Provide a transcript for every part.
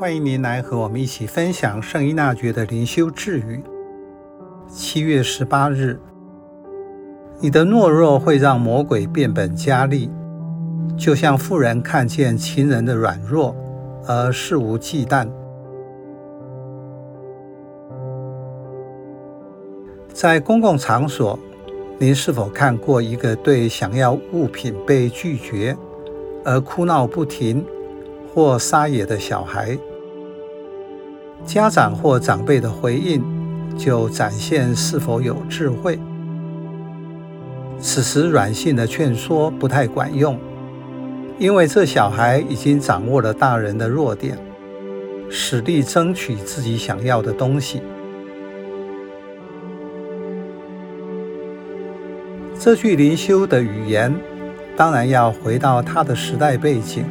歡迎您來和我們一起分享聖依納爵的靈修智語。七月十八日，你的懦弱會讓魔鬼變本加厲，就像婦人看見情人的軟弱而肆無忌憚。在公共場所，您是否看過一個對想要物品被拒絕而哭鬧不停或撒野的小孩？家長或長輩的回應，就展現是否有智慧。此時軟性的勸說不太管用，因為這小孩已經掌握了大人的弱點，使力爭取自己想要的東西。這句靈修的語言，當然要回到它的時代背景。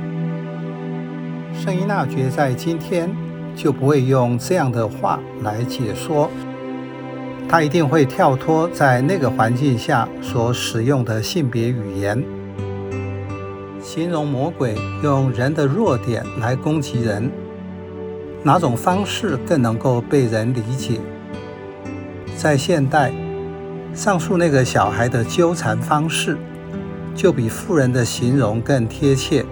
聖依納爵在今天，就不會用這樣的話來解說，他一定會跳脫在那個環境下所使用的性別語言，形容魔鬼用人的弱點來攻擊人，哪種方式更能夠被人理解？在現代，上述那個小孩的糾纏方式就比婦人的形容更貼切。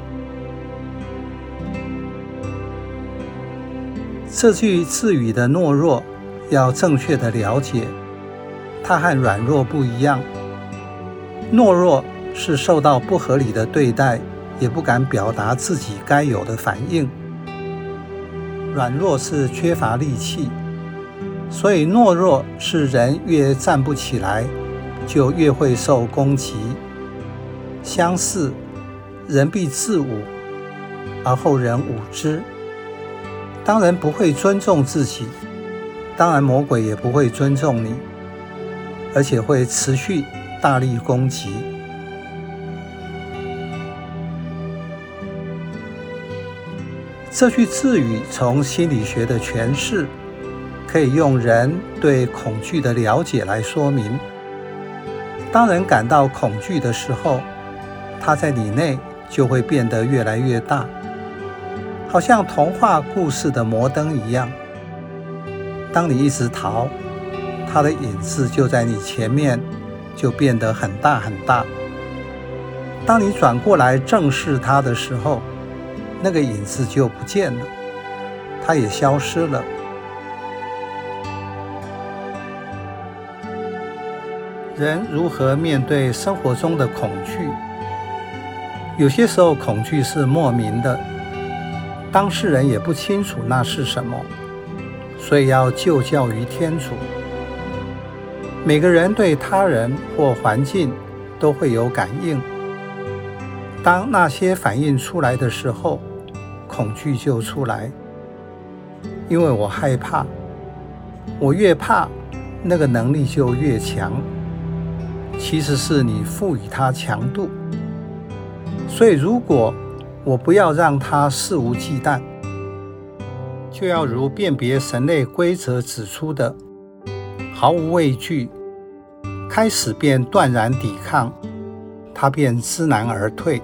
這句智語的懦弱，要正確的了解，它和軟弱不一樣。懦弱是受到不合理的對待，也不敢表達自己該有的反應。軟弱是缺乏力氣，所以懦弱是人越站不起來，就越會受攻擊。相似，人必自侮，而後人侮之。當人不會尊重自己，當然魔鬼也不會尊重你，而且會持續大力攻擊。這句智語從心理學的詮釋，可以用人對恐懼的了解來說明：當人感到恐懼的時候，他在你內就會變得越來越大。好像童話故事的魔燈一樣，當你一直逃，它的影子就在你前面，就變得很大很大。當你轉過來正視它的時候，那個影子就不見了，它也消失了。人如何面對生活中的恐懼？有些時候，恐懼是莫名的。當事人也不清楚那是什麼，所以要就教於天主。每個人對他人或環境都會有感應，當那些反應出來的時候，恐懼就出來，因為我害怕，我越怕，那個能力就越強。其實是你賦予它強度，所以如果，我不要讓他肆無忌憚，就要如辨別神類規則指出的，毫無畏懼，開始便斷然抵抗，他便知難而退。